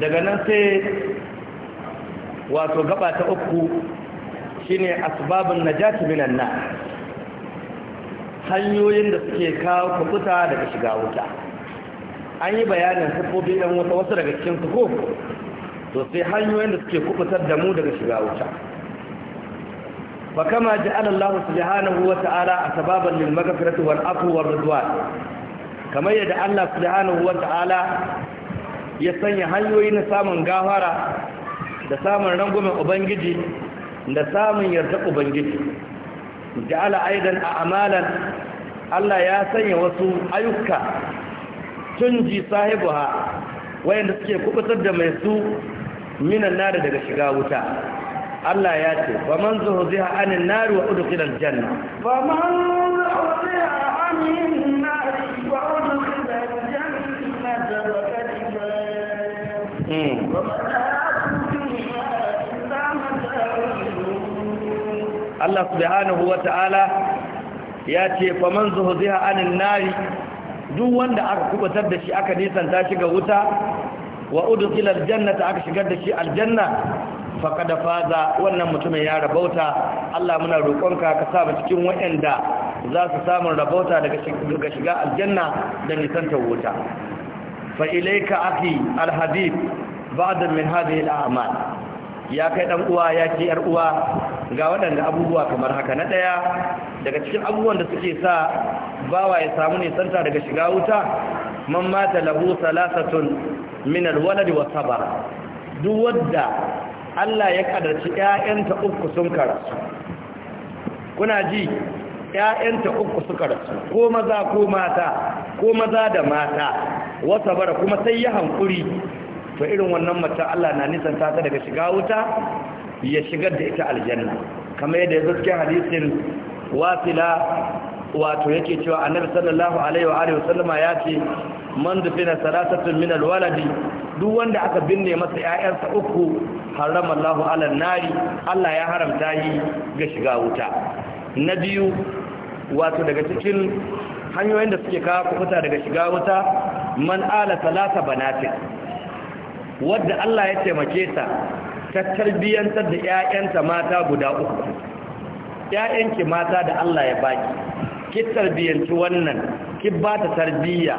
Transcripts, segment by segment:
daga nan sai wato gaba ta uku shine asbabun najati minan na, hanyoyin da suke kawo kubuta daga shiga wuta an yi bayanin sifofi ɗan wata wasu daga cikin suko ko to sai hanyoyin da suke kubutar da mu daga shiga wuta fa kama ja'ala su subhanahu wa ta'ala asbaban lil maghfirati wal afuwar war ridwan kamar yadda Allah subhanahu wa ta'ala ya sanya hanyoyi na samun gafara da samun rangumin ubangiji da samun yarda ubangiji ja'ala aidan a amalan Allah ya sanya wasu ayyuka tunji sahibuha wayanda suke kubutar da mai su minan nari daga shiga wuta Allah ya ce ba man zuhuziha anin nari wa udkhilal janna ba man zuhuziha anin nari Allah subhanahu wata'ala ya ce faman zuhziha anin nari duk wanda aka kubutar da shi aka nisanta shiga wuta wa udkhila aljannata aka shigar da shi aljanna faqad faza wannan mutumin ya rabauta Allah muna roƙonka ka sa mu cikin wayanda za su samu rabauta daga shiga aljanna da nisantar wuta fa ilayka akhi alhabib ba'd min hadhihi al'amal ya kai dan uwa ya ce yar uwa ga waɗanda abubuwa kamar haka na ɗaya daga cikin abubuwan da suke sa bawa ya samu nisanta daga shiga wuta man mata lahu salasatun min alwalad wa sabar duk wadda Allah ya kadarci ƴaƴanta uku sun karasu kuna ji ƴaƴanta uku suka karasu, ko maza ko mata ko maza da mata wa sabara kuma sai ya hankuri to irin wannan mace Allah na nisan ta daga shiga wuta ya shigar da ita aljanna kamar yadda yazo cikin hadisin wasila wato yake cewa annabi sallallahu alaihi wa alihi wasallama ya ce man dufina salasatun min alwaladi duk wanda aka binne masa ƴaƴansa uku harama Allahu ala nari Allah ya haramta yi ga shiga wuta na biyu wato daga cikin hanyoyin da suke kawo kuta daga shiga wuta man ala salasa banatin wadda Allah ya taimake ta ta tarbiyyantar da 'ya'yanta mata guda uku 'ya'yanki mata da Allah ya baki ki tarbiyyanci wannan ki ba ta tarbiyya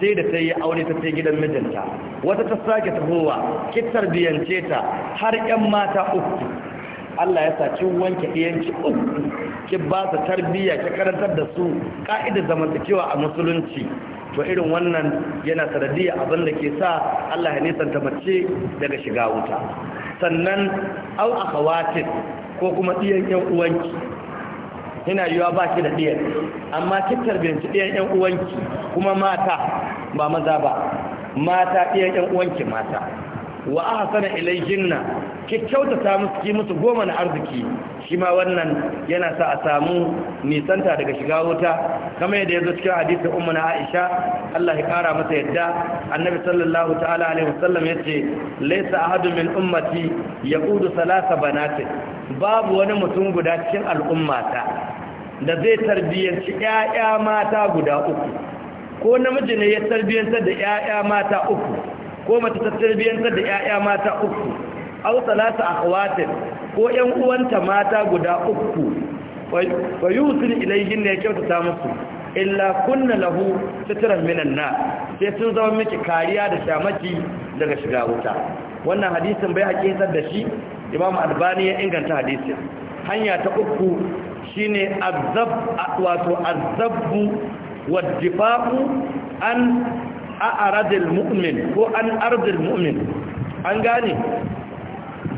sai da ta yi aure ta sai gidan mijinta wata ta sake tahowa ki tarbiyyance ta har 'yan mata uku Allah ya saci wanke ɗiyanci uku ki ba ta tarbiyya ki karantar da su ka'idar zamantakewa a musulunci to irin wannan yana sanadiyya abin da ke sa Allah ya nisanta mace daga shiga wuta sannan au a kawatin ko kuma ɗiyan ƴan uwanki yana yiwa ba shi da ɗiyan amma ki binci ɗiyan ƴan uwanki kuma mata ba maza ba mata ɗiyan ƴan uwanki mata wa ahsana ilayhinna ki kyautata musu ki musu goma na arziki shi ma wannan yana sa a samu nisanta daga shiga wuta Kama yadda ya zo cikin hadisi ummu na Aisha Allah ya kara masa yadda annabi sallallahu ta'ala alaihi wasallam yace laisa ahadu min ummati kudu salasa banatin babu wani mutum guda cikin al'ummata da zai tarbiyyarci ƴaƴa mata guda uku ko namiji ne ya tarbiyyantar da ƴaƴa mata uku ko mace ta tarbiyyantar da 'ya'ya mata uku aw salatu akhwatin ko ƴan uwanta mata guda uku fa yusin ilayhin ne kyautata musu illa kunna lahu sitran minan na? sai sun zama miki kariya da shamaki daga shiga wuta wannan hadisin bai hakitar da shi imam albani ya inganta hadisin hanya ta uku shine azab wato azabu wadifa'u an a'radil mu'min ko an ardil mu'min an gane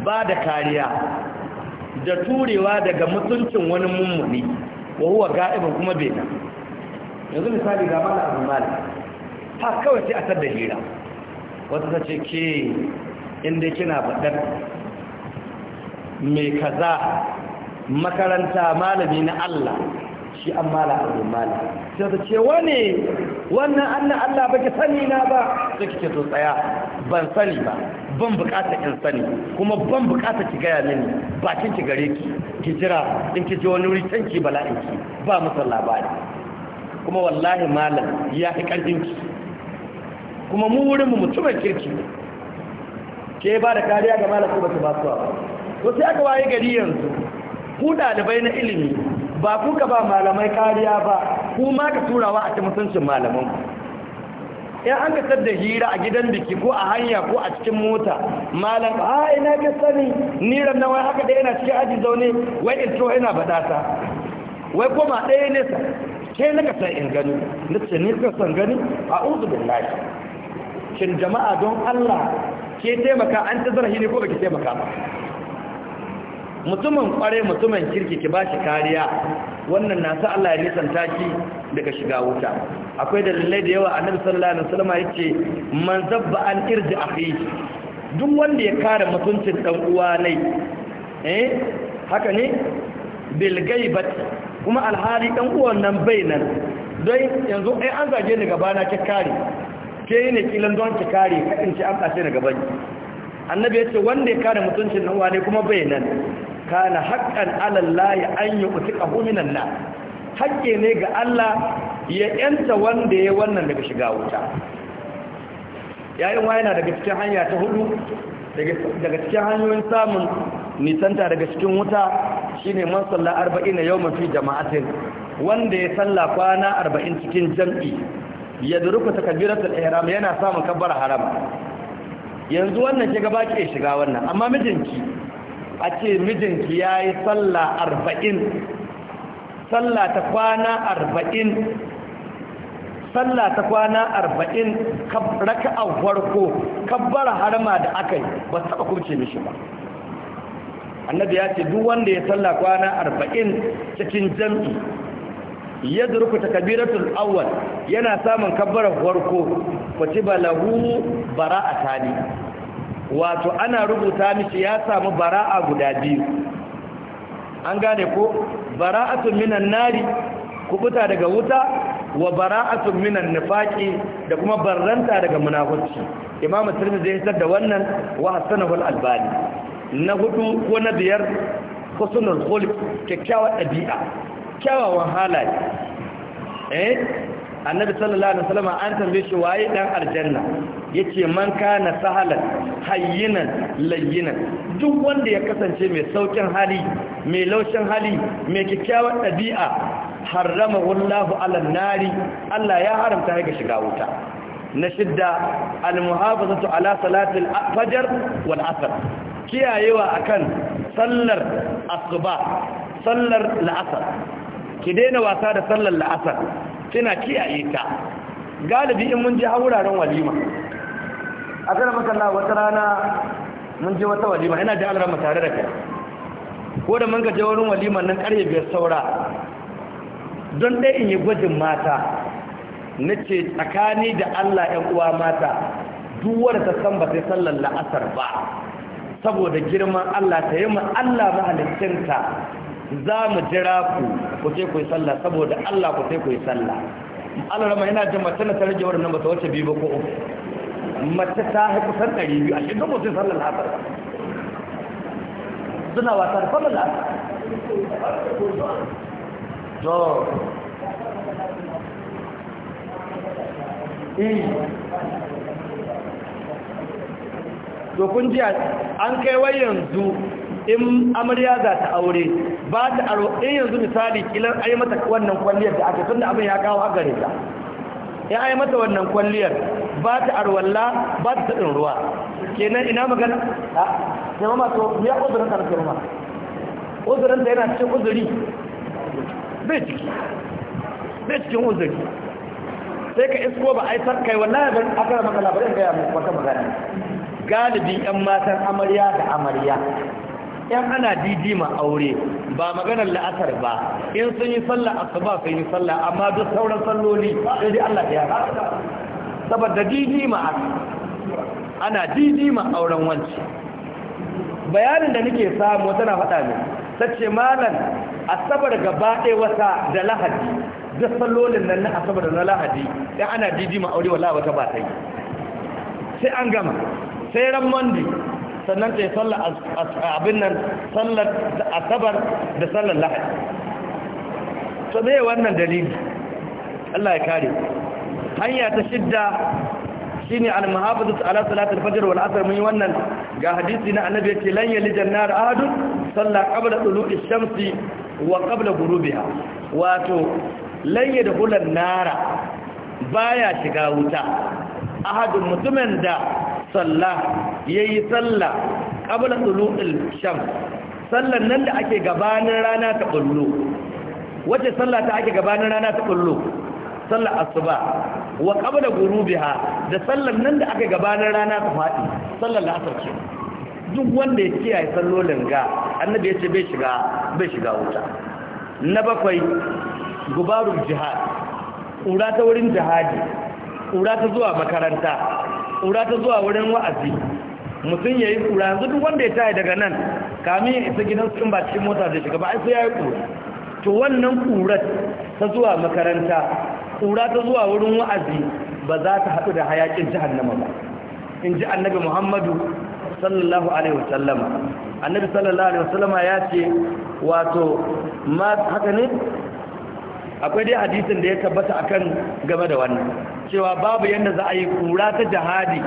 ba da kariya da turewa daga mutuncin wani mummuni wa huwa ga'ibin kuma bai yanzu misali ga mala abu mala ta kawai sai a tar da hira wata ta ce ke inda kina faɗar mai kaza makaranta malami na Allah shi an mala abu mala sai ta ce wani wannan annan Allah baki sani na ba sai kike so tsaya ban sani ba ban bukata in sani kuma ban bukata ki gaya mini bakin ki gare ki ki jira in ki ji wani wuri can ki bala'in ki ba musu labari kuma wallahi malam ya fi karfin ki kuma mu wurin mu mutumin kirki ne ke ba da kariya ga malam ko ba ta ba su ba to sai aka waye gari yanzu ku ɗalibai na ilimi ba kuka ba malamai kariya ba kuma ka turawa a ta mutuncin malaman in an ka da hira a gidan biki ko a hanya ko a cikin mota malam a ah, ina ka sani niran na wai haka da yana cikin aji zaune wai in to ina bada ta wai koma ɗaya nesa ke na ka san in gani na ce ni ka san gani a uzu billahi shin jama'a don Allah ke taimaka an ta zarafi ne ko baki taimaka ba mutumin kware mutumin kirki ki ba shi kariya wannan na sa Allah ya nisanta shi daga shiga wuta akwai dalilai da yawa annabi sallallahu alaihi wasallam ce, man zabba an irji akhi duk wanda ya kare mutuncin dan uwa nai eh haka ne bil gaibat kuma alhali dan uwan nan bainan dai yanzu ai an zage ni gaba na ki ke ne kilan don ki kare kadin ci an kace ni gaban annabi yace wanda ya kare mutuncin dan uwa ne kuma bainan kana haƙƙan ala ya an yuqtiqahu minan na. haƙƙe ne ga Allah ya yanta wanda ya wannan daga shiga wuta yayin wa yana daga cikin hanya ta hudu daga cikin hanyoyin samun nisanta daga cikin wuta shine man salla 40 yau fi jama'atin wanda ya salla kwana 40 cikin jam'i ya duruka takbiratul ihram yana samun kabbara haram yanzu wannan ke gaba ke shiga wannan amma mijinki a ce mijinki ya yi sallah arba'in sallah ta kwana arba'in sallah ta kwana arba'in raka a farko kabbara harma da aka yi ba su taɓa kurce mishi ba annabi ya ce duk wanda ya sallah kwana arba'in cikin jam'i ya zurku ta kabiratul awwal yana samun kabbarar farko ku ci lahu bara a tani wato ana rubuta miki ya samu bara'a guda biyu an gane ko bara'atun minan nari kubuta daga wuta wa bara'atun minan nifaqi da kuma barranta daga munafiki imam tirmidhi zai isar da wannan wa hasanahu al-albani na hudu ko na biyar husnul khuluq kyakkyawar dabi'a kyawawan halaye eh annabi sallallahu alaihi wasallam an tambaye shi waye dan aljanna yace man kana sahalan hayyinan layyina. duk wanda ya kasance mai saukin hali mai laushin hali mai kikkiawar dabi'a harrama wallahu ala nari Allah ya haramta ga shiga wuta na shidda almuhafazatu ala salatil fajr wal asr kiyayewa akan sallar asuba sallar la'asar ki daina wasa da sallar la'asar tana kiyaye ta galibi in mun je har wuraren walima a kan makalla wata rana mun je wata walima yana da alarma tare da kai ko da mun ga je wurin walima nan karye biyar saura don ɗaya in yi gwajin mata na ce tsakani da Allah ‘yan uwa mata duk duwar ta san ba sai sallar la'asar ba saboda girman Allah ta yi ma Allah mahalicinta za mu jira ku ku je ku yi sallah saboda Allah ku ce ku yi sallah Allah rama yana jin mace na tarje wannan ba ta wace biyu ba ko uku mace ta haifu kusan ɗari biyu a shi duk mutum sallar la'asar suna wasa da sallar la'asar to eh. to kun ji an kai wayan yanzu in amarya za ta aure ba ta aro in yanzu misali kilan ai mata wannan kwalliyar da aka tunda abin ya kawo a gare ta ya ai mata wannan kwalliyar ba ta walla ba ta tsadin ruwa kenan ina magana a jama mama to ya uzurin ta nake mama uzurin ta yana cikin uzuri bai ciki bai cikin uzuri sai ka isko ba ai sar kai wallahi ban aka maka labarin ga ya maka magana galibi yan matan amarya da amarya yan ana didi ma aure ba maganar la'asar ba in sun yi sallah a saba sun yi sallah amma duk sauran salloli sai Allah ya yarda saboda didi ma ana didi ma auren wanci bayanin da nake samu tana faɗa ne ce malam asabar gaba ɗaya wata da lahadi duk sallolin nan na asabar da na lahadi ɗan ana didi ma aure wallahi wata ba ta yi sai an gama sai ran Mandi. sannan ta yi sallar abin nan sallar asabar da sallar lahadi to me wannan dalili Allah ya kare hanya ta shidda shine al-muhafazat ala salatul Fajar, wal asr mun yi wannan ga hadisi na annabi yace lan lijan jannar ahadun salla qabla tulu'i ishamsi wa qabla ghurubiha wato lan da hular nara baya shiga wuta ahadun mutumin da salla yayi salla qabla tulu'il shams sallan nan da ake gabanin rana ta kullu wace salla ta ake gabanin rana ta kullu sallar asuba wa qabla gurubiha da sallan nan da ake gabanin rana ta fadi sallar asar ce duk wanda ya kiyaye sallolin ga annabi ya ce bai shiga bai shiga wuta na bakwai gubarul jihad ƙura ta wurin jihadi ƙura ta zuwa makaranta ƙura ta zuwa wurin wa'azi mutum ya yi ƙura yanzu duk wanda ya taya daga nan kamin ya isa gidan sun ba cikin mota zai shiga ba ai sai ya yi ƙura to wannan ƙurar ta zuwa makaranta ƙura ta zuwa wurin wa'azi ba za ta haɗu da hayaƙin jahannama ba in ji annabi muhammadu sallallahu alaihi wasallama annabi sallallahu alaihi wasallama ya ce wato ma haka ne akwai dai hadisin da ya tabbata akan game da wannan cewa babu yanda za a yi kura ta jihadi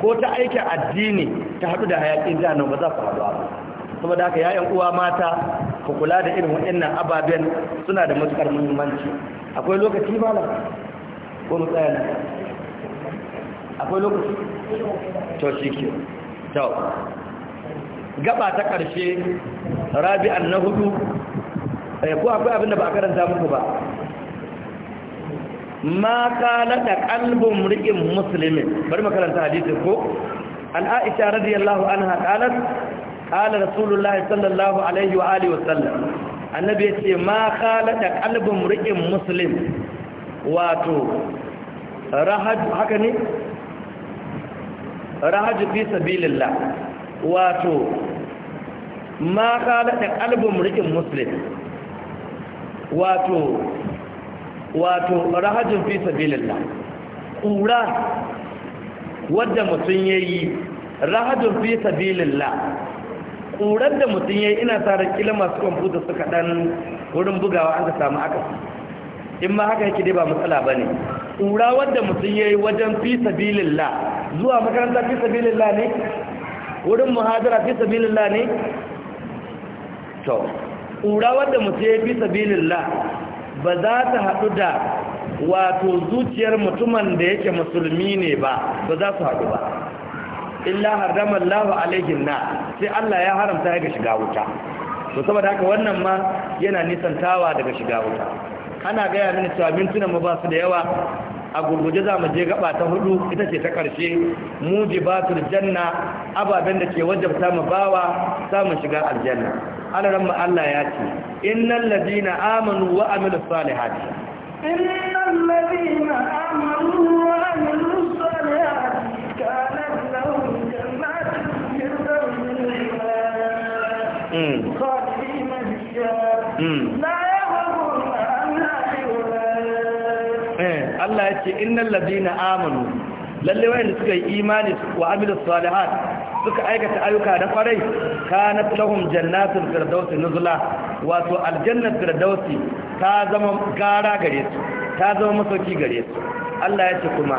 ko ta aikin addini ta haɗu da hayaƙin jihannan ba za ku haɗu ba saboda haka yayan uwa mata ku kula da irin waɗannan ababen suna da matuƙar muhimmanci akwai lokaci malam ko mu tsaya akwai lokaci to shi ke to gaba ta ƙarshe rabi'an na hudu eh, ko akwai abin da ba a karanta muku ba ma da qalbun mri'in muslimin bari makaranta hadisin ko an aisha radiyallahu anha qalat qala rasulullahi sallallahu alaihi wa alihi wasallam annabi yace ma da qalbun mri'in muslim wato rahaj haka ne rahaj fi sabilillah wato ma da qalbun mri'in muslim wato wato rahajin fi sabilillah kura wadda mutum yayi rahajin fi sabilillah kurar da mutum yayi ina tare kila masu kwamfuta suka dan wurin bugawa an ka samu aka in ma haka yake dai ba matsala bane kura wadda mutum yayi wajen fi sabilillah zuwa makaranta fi sabilillah ne wurin muhadara fi sabilillah ne to kura wadda mutum yayi fi sabilillah ba za ta haɗu da wato zuciyar mutumin da yake musulmi ne ba ba za su haɗu ba illa harama Allah alaihin na sai Allah ya haramta ya ga shiga wuta to saboda haka wannan ma yana nisantawa daga shiga wuta ana gaya mini cewa mintuna mu ba su da yawa a gurguje za mu je gaba ta hudu ita ce ta karshe mujibatul janna ababen da ke wajabta mu bawa samun shiga aljanna alaran mu Allah ya ce إن الذين آمنوا وعملوا الصالحات إن الذين آمنوا وعملوا الصالحات كانت لهم جنات جدا من الإيمان خاتيم لا يغرون إيه، الله يقول إن الذين آمنوا للي وين سكي إيمان وعملوا الصالحات suka aikata ayyuka da kwarai kanat lahum jannatul firdausi nuzula wato aljannar firdausi ta zama gara gare su ta zama masauki gare su Allah ya ce kuma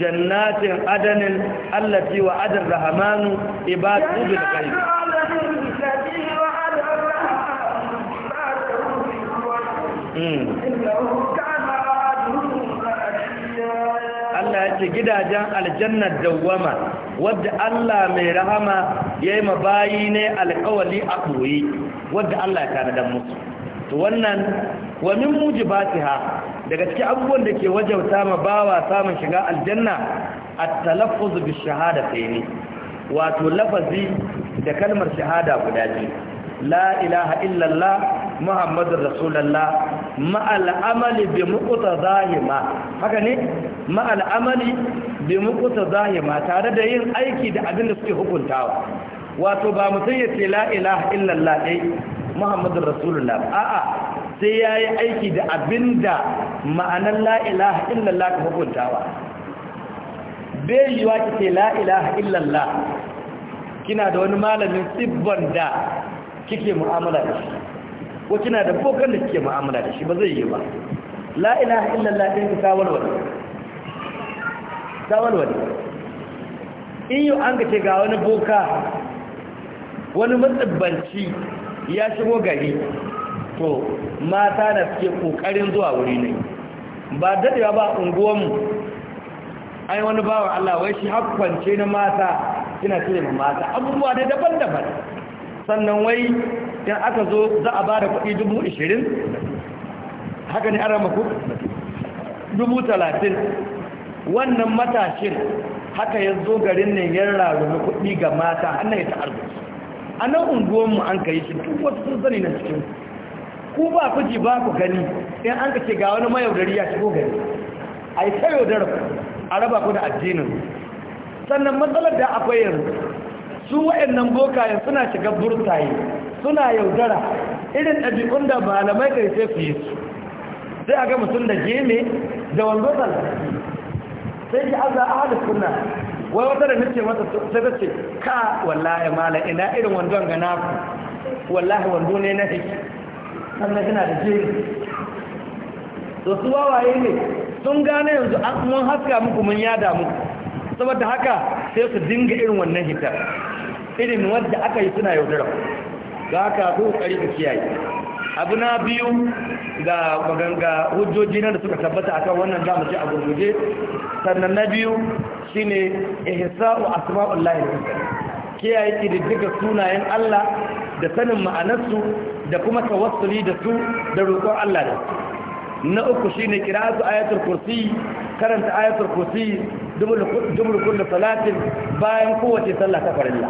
jannatin adanin allati wa adar rahamanu ibadu bil ghaib hmm. Allah ya ce gidajen aljannar dawwama wadda Allah mai rahama ya yi mabayi ne alkawali a ɓoye wadda Allah ya tanadar musu to wannan wamin min mujibatiha daga cikin abubuwan da ke wajauta ma bawa samun shiga aljanna a talaffuz bi shahada shahadatayn wato lafazi da kalmar shahada guda biyu la ilaha illallah muhammadur rasulullah ma'al amali bi zahima. haka ne ma'al amali bi mukuta zahima tare da yin aiki da abin da suke hukuntawa wato ba mutum ya ce la ilaha illallah dai muhammadun rasulullah a'a sai ya yi aiki da abin da ma'anar la ilaha illallah ka hukuntawa bai yi ki ce la ilaha illallah kina da wani malamin tsibban da kike mu'amala da shi ko kina da bokan da kike mu'amala da shi ba zai yi ba la ilaha illallah din ka kawar wannan ta walwale in yau an gace ga wani boka wani matsabbanci ya shigo gari to mata na suke kokarin zuwa wuri ne ba dadewa ba mu ai wani bawa Allah wai shi hakkwance na mata ina cire ma mata abubuwa da daban-daban sannan wai in aka zo za a ba da kuɗi dubu ashirin, haka ne an ku dubu talatin wannan matashin haka ya zo garin nan ya rarumi kuɗi ga mata annan ya ta'arziki a nan unguwanmu an ka yi shi duk wasu sun sani na cikin ku ba ku ji ba ku gani in an ka ce ga wani mayaudari ya shigo gari a yi da rafi a raba ku da addinin sannan matsalar da akwai yanzu su waɗannan bokayen suna shiga burtaye suna yaudara irin ɗabi'un da malamai kai sai su yi su sai a ga mutum da geme da wando zalfi sai ki azza ahli kunna, wai wata da nake masa sai zace ka wallahi mala ina irin wando ga naku wallahi wando ne na hiki sannan ina da jeri to su wawaye ne sun gane yanzu an mun haska muku mun yada muku saboda haka sai su dinga irin wannan hita, irin wanda aka yi suna yaudara ga haka ko kokari ka kiyaye abu na biyu ga maganga hujjoji na da suka tabbata akan wannan mu ce a gurguje sannan na biyu shine ihsa'u asma'ullahi al kiyaye kididdiga sunayen Allah da sanin ma'anarsu da kuma tawassuli da su da roƙon Allah da na uku shine su ayatul kursi karanta ayatul kursi jumlu salatin bayan kowace sallah ta farilla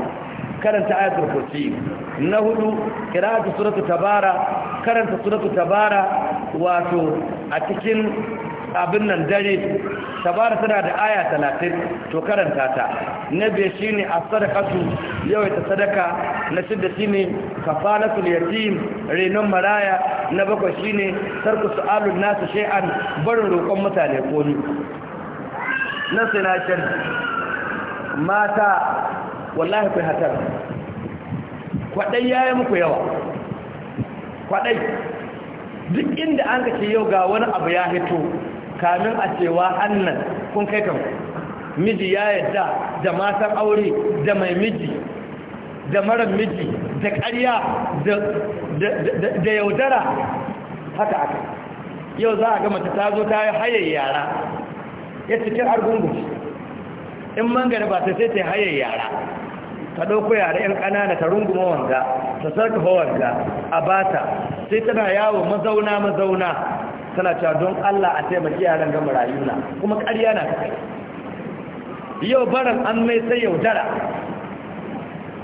karanta ayatul kursi na hudu su suratu tabara karanta suratu tabara wato a cikin abin nan dare tabara tana da aya talatin to karanta ta na biyu shi ne a sadakatu yawaita sadaka na shidda shi ne na yatim renon maraya na bakwai shi ne alun nasu shay'an barin roƙon mutane koli na sinashin mata wallahi kai hatar kwaɗai ya muku yawa kwadai duk inda an kace yau ga wani abu ya hito kamin a cewa annan kun kai kan miji ya yadda da matan aure da mai miji da mara miji da ƙarya da yaudara haka aka yau za a ga mace ta zo ta yi hayar yara ya cikin argungun in mangare ba ta sai ta hayar yara ta ɗauko yara 'yan ƙanana ta runguma wanda ta sarka hawarta a bata sai tana yawo mazauna mazauna tana cewa don Allah a taimaki yaran ga marayuna kuma ƙarya na kai yau baran an mai sai yaudara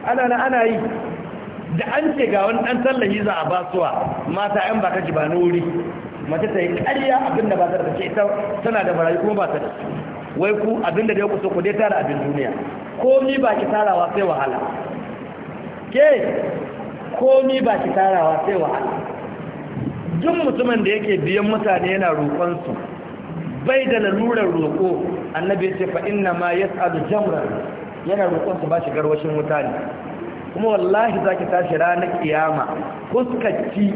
ana na ana yi da an ce ga wani ɗan tallahi za a basuwa mata ‘yan baka ji ba wuri mace ta yi ƙarya abinda ba ta da ce ita tana da marayu kuma ba ta da wai ku abinda da ya kusa ku dai tara abin duniya komi ba ki tarawa sai wahala ke komi ba ki tarawa sai wahala duk mutumin da yake biyan mutane yana roƙonsu bai da lalurar roƙo annabi ya ce fa inna ma yas'alu jamran yana roƙonsu ba shi garwashin wuta ne kuma wallahi zaki tashi ranar kiyama fuskarki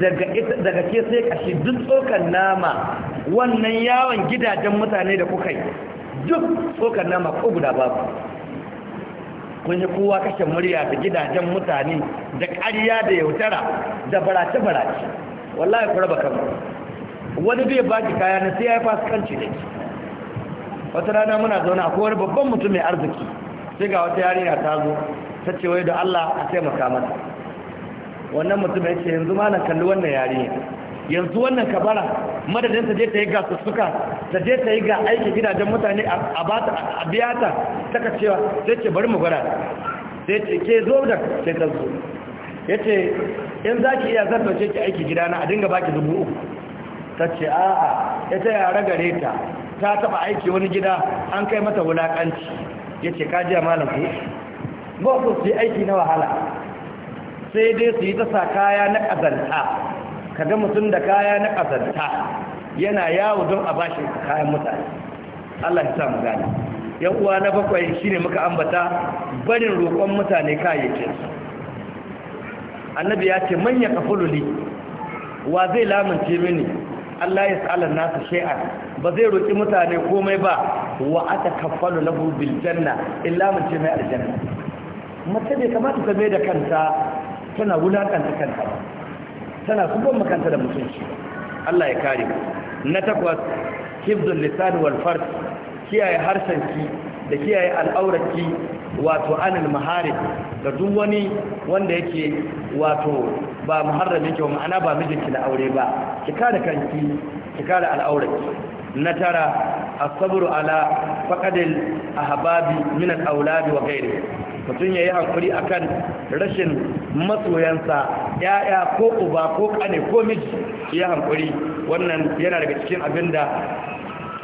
daga daga ke sai kashi duk tsokan nama wannan yawon gidajen mutane da kuka yi duk tsokan nama ko guda babu kun yi kowa kashe murya da gidajen mutane da ƙarya da yautara da barace-barace wallahi ku raba kanku wani bai ba ki kaya na sai ya yi fasikanci da ki wata rana muna zaune a kowar babban mutum mai arziki sai ga wata yarinya ta zo ta ce wai da Allah a taimaka mata wannan mutum ya ce yanzu ma na kalli wannan yarinya yanzu wannan kabara madadin ta je ta yi ga sussuka ta je ta yi ga aiki gidajen mutane a bata a biya ta ka cewa sai ce bari mu gwada sai ce ke zo da sai ta zo ya ce in za ki iya ce ki aiki gidana a dinga baki dubu uku ta ce a'a ya ta yara gare ta ta taba aiki wani gida an kai mata wulakanci ya ce ka jiya malam ku ba su su yi aiki na wahala sai dai su yi ta sa kaya na ƙazanta Ka ga mutum da kaya na ƙasarta yana yawo don a bashi kayan mutane Allah ya sa mu yan uwa na bakwai shine muka ambata barin roƙon mutane kayayyakin annabi ya ce manyan ya ne. wa zai lamunce mini Allah ya tsalar nasu shai'a ba zai roƙi mutane komai ba wa aka kafalu lahu bil janna in lamunce mai aljanna mace bai kamata ta mai da kanta tana wulaƙanta kanta ba tana kubban makanta da mutunci Allah ya kare na takwas hifdul lisan wal fard kiyaye ki da kiyaye al'aurarki wato anil maharib da duk wani wanda yake wato ba muharram yake wa ma'ana ba mijinki na aure ba ki kare kanki ki kare al'aurarki na tara as-sabru ala faqadil ahbabi min al-awlad wa ghairihi mutum ya yi haƙuri a kan rashin masoyansa ya'ya ko uba ko ƙane ko miji ya hakuri wannan yana daga cikin abin da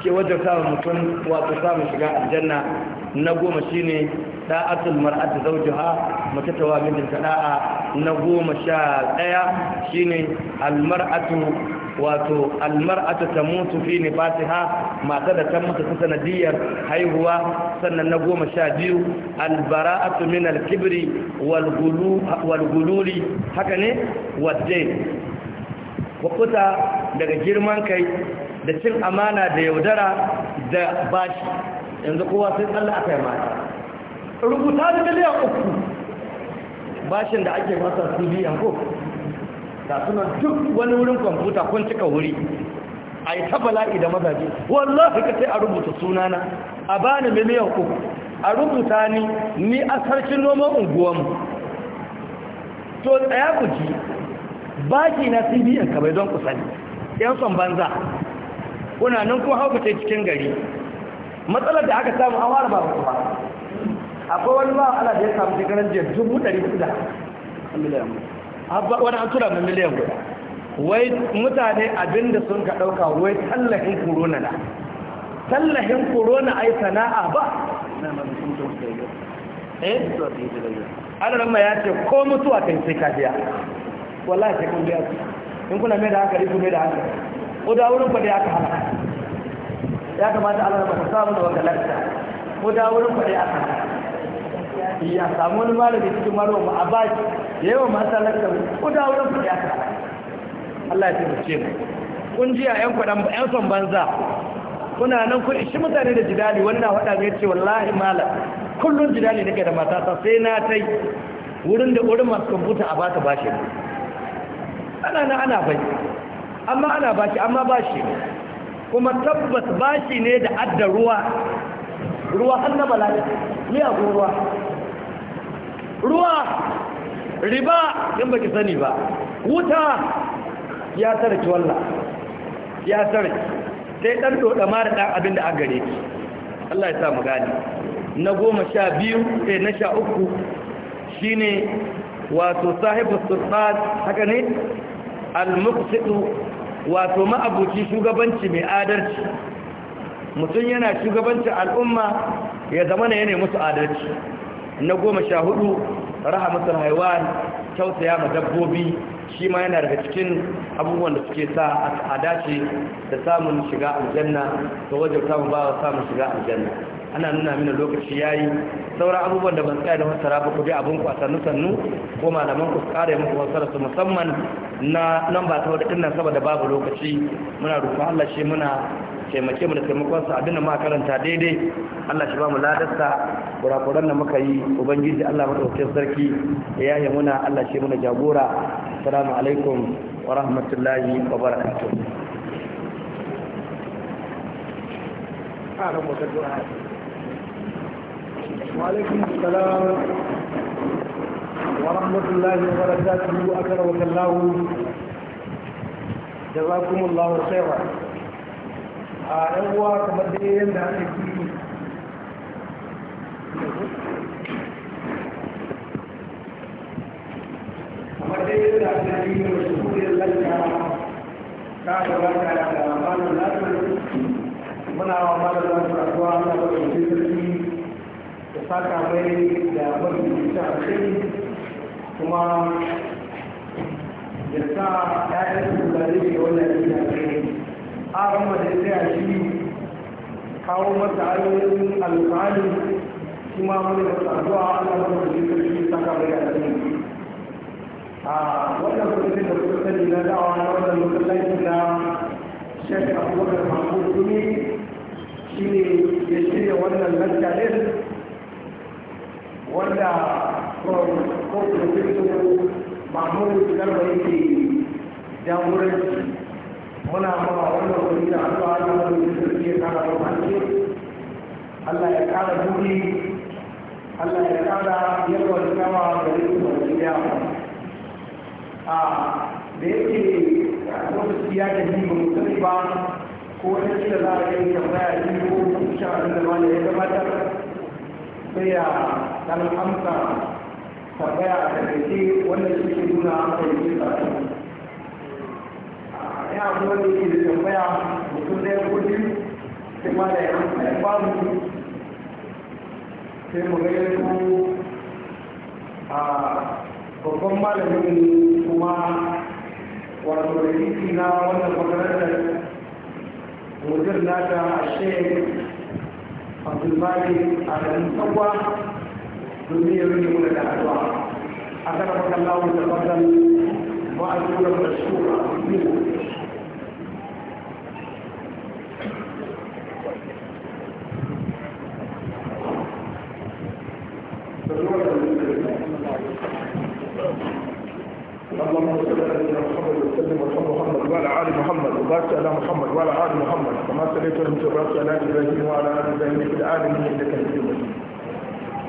ke wajen samun mutum wato samun shiga aljanna na goma shine da'atul mar'ati zawjaha mace ta wa mijinta da'a na goma sha ɗaya shine almar'atu wato almar'atu tamutu fi nifasiha mata da ta mutu sanadiyar haihuwa sannan na goma sha biyu albara'atu min alkibri wal haka ne wadde kwakuta daga girman kai da cin amana da yaudara da bashi yanzu kowa sai Allah aka yi mata rubuta da miliyan uku bashin da ake masa su biyan ko da suna duk wani wurin kwamfuta kun cika wuri a yi bala'i da mazaje Wallafi ka sai a rubuta sunana a bani miliyan uku a rubuta ni ni a sarkin noman unguwanmu to tsaya ku ji baki na cbn ka bai don ku yan son banza kuna nan ko hau cikin gari matsalar da aka samu an wara ba ku ba akwai wani ba ala da ya samu shekarar jiya dubu dari hudu da wani an tura mai miliyan guda wai mutane abinda sun ka ɗauka wai tallahin korona na tallahin korona ai sana'a ba eh adaran ma ya ce ko mutuwa kai sai ka biya wallahi sai kun biya in kuna mai da haka riku mai da haka ko da wurin kwade aka hana ya kamata Allah ba ta samu da wata lakta ko da wurin kwade aka hana ya samu wani malami cikin malamin a baki yawan masalaka ko da wurin su ya kara Allah ya taimake mu kun ji a yan kwadan yan son banza kuna nan kun ishi mutane da jidali wannan wada zai ce wallahi malam kullun jidali nake da matasa sai na tai wurin da wurin masu kwamfuta a baka bashi ana na ana bai amma ana bashi, amma bashi kuma tabbas bashi ne da adda ruwa ruwa har na bala'i a ruwa ruwa riba in baki sani ba wuta ya tarki wallah ya tarki sai dan doda ma da dan abin da agare ki Allah ya sa mu gane na goma sha biyu sai eh, na sha uku shine wato sahibu sultan haka ne al-muqsitu wato ma'abuci shugabanci mai adalci mutum yana shugabancin al'umma ya zama ne yana musu adalci na goma sha hudu Raha rahamatul haiwan tausaya ma dabbobi shi ma yana daga cikin abubuwan da suke sa a dace da samun shiga aljanna ta wajen samun bawa samun shiga aljanna ana nuna mini lokaci yayi sauran abubuwan da ban tsaya da wasara ba ku bi abin ku a sannu sannu ko malaman ku kare muku wasara su musamman na nan ba ta nan saboda babu lokaci muna rufa Allah shi muna taimake mu da taimakon sa abinda muka karanta daidai Allah shi ba mu ladarsa kurakuran da muka yi ubangiji Allah madaukakin sarki ya yaye muna Allah shi muna jagora assalamu alaikum wa rahmatullahi wa barakatuh وعليكم السلام ورحمة الله Da za الله جزاكم الله خيرا a yan uwa kamar dai da ake ki kamar dai da ake ki ne wasu ta da malam lafiyar muna wa malam kasuwa na da wajen sarki da saka mai da mafi kuma ya sa ya'yan su da rike aron da ya tsaya shi kawo masa ayoyin alfahari shi ma wani da saduwa ana wani da shi karfi saka bai a cikin a wannan kwanakin da kuka sani na dawa na wannan masallacin na shekar da mahmud gumi shi ne ya shirya wannan lantarki wanda kofin mahmud garba yake jagoranci muna mawa wannan wani da addu'a da wani sarki ya kara da hanci Allah ya kara duki Allah ya kara yawan kama da rikin wani da a da yake a wata siya da ni ba mutum ba ko wata kila za a yi tambaya shi ko sha abin da ma ya gabatar sai ya dan amsa tambaya a karfe wannan shi ke nuna amsa yake tsakanin Aya abu wanda yake da tambaya mutum ɗaya ko sai ma da ya amsa ba mu sai mu gaya su a babban malamin kuma wato da yake na wannan makarantar mutum na ta ashe abdulmalik a garin tsawa domin ya rage muna da addu'a a kan makallahu da fatan ma'azura mashura biyu اللهم صل على محمد وسلم وارحم محمد وعلى ال محمد وبارك على محمد وعلى ال محمد كما صليت وبارك على ابراهيم وعلى ال ابراهيم في العالمين انك حميد مجيد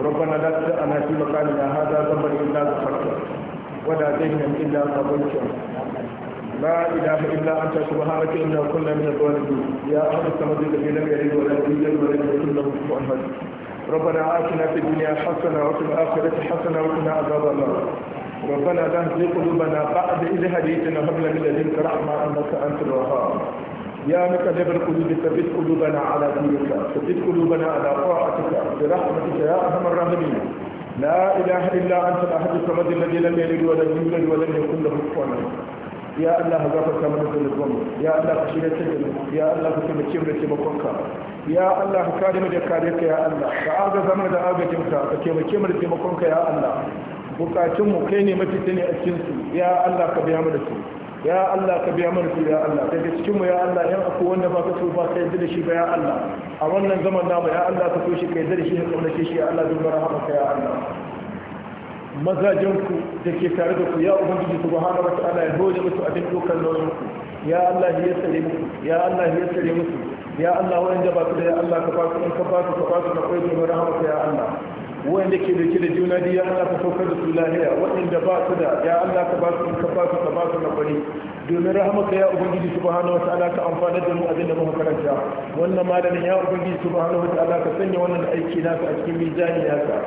ربنا لا تدع في مكاننا هذا ذنبا الا غفرته ولا دينا الا قبلته لا إله إلا أنت سبحانك إنا كنا من الظالمين يا أهل الصمد الذي لم يلد ولم يولد ولم يكن له كفوا أحد ربنا آتنا في الدنيا حسنة وفي الآخرة حسنة وقنا عذاب النار ربنا لا تزغ قلوبنا بعد إذ هديتنا وهب لنا من لدنك رحمة إنك أنت الوهاب يا مقلب القلوب ثبت قلوبنا على دينك ثبت قلوبنا على طاعتك برحمتك يا أرحم الراحمين لا إله إلا أنت الأحد الصمد الذي لم يلد ولم يولد ولم يكن له كفوا أحد ya Allah ka gafarta mana zunuban ya Allah ka shirya ta mu ya Allah ka taimake mu da taimakonka ya Allah ka kare mu da ka. ya Allah ka agaza zaman da agajinka ka taimake mu da taimakonka ya Allah bukatun mu kai ne mafi ne a cikin su ya Allah ka biya mana su ya Allah ka biya mana su ya Allah daga cikin mu ya Allah yan aku wanda ba ka so ba ka yarda da shi ba ya Allah a wannan zaman namu ya Allah ka so shi ka yarda da shi ka kaunace shi ya Allah don rahama ka ya Allah mazajenku da ke tare da ku ya ubangiji subhanahu wa ta'ala ya doje musu abin dokar nauyin ku ya Allah ya sare musu ya Allah ya sare musu ya Allah wanda ba su da ya Allah ka ba in ka ba su ka ba su na koyi domin rahmatu ya Allah wanda ke dauke da juna biyu ya Allah ka saukar da su lahiya wanda ba su da ya Allah ka ba in ka ba su ka ba na koyi domin rahmatu ya ubangiji subhanahu wa ta'ala ka amfana da mu abin da muka karanta wannan malamin ya ubangiji subhanahu wa ta'ala ka sanya wannan aiki nasa a cikin mizani nasa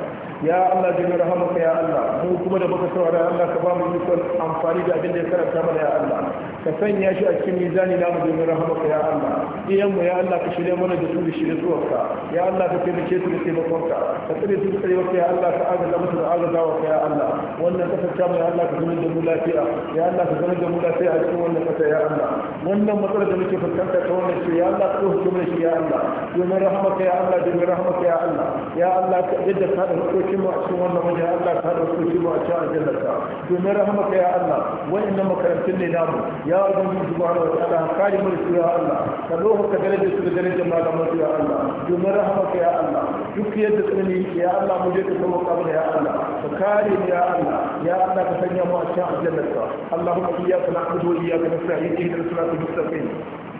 يا الله جل رحمك يا الله مو كما ده بك سوى يا الله كبام يكون عن فريد عبد الله كرب كمان يا الله كفين يا شو أكيد ميزاني لا مو جل رحمك يا الله إيه مو يا الله كشري مونا جسوم الشري سوكا يا الله كتير مشيت مشيت بفوكا كتير جسوم كتير وكا يا الله كأعز الله مثل أعز دعوك يا الله وانا كفت كام يا الله كزمن جمولا فيها يا الله كزمن جمولا فيها شو وانا كفت يا الله وانا مثلا جمولا فيها كنت كون يا الله كوه جمولا يا الله جل رحمك يا الله جل رحمك يا الله يا الله كجد خالد كوه lokacin mu a cikin wannan waje Allah ta da shi mu a cikin aljanna domin rahmaka ya Allah wa'annan makarantun ne namu ya ubangiji subhanahu wa ta'ala ka kare mu ya Allah ka doho ka daraja su da daraja malaman ya Allah domin rahmaka ya Allah duk yadda tsani ya Allah mu je ka samu kabin ya Allah ka kare mu ya Allah ya Allah ka sanya mu a cikin aljanna Allahumma iyyaka na'budu wa iyyaka nasta'in ihdinas siratal mustaqim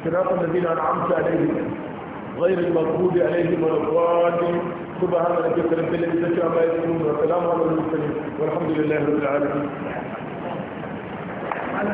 siratal الذين an'amta alaihim غير المغضوب عليهم ولا الضالين سبحان ربك رب العزة عما يصفون وسلام على المرسلين والحمد لله رب العالمين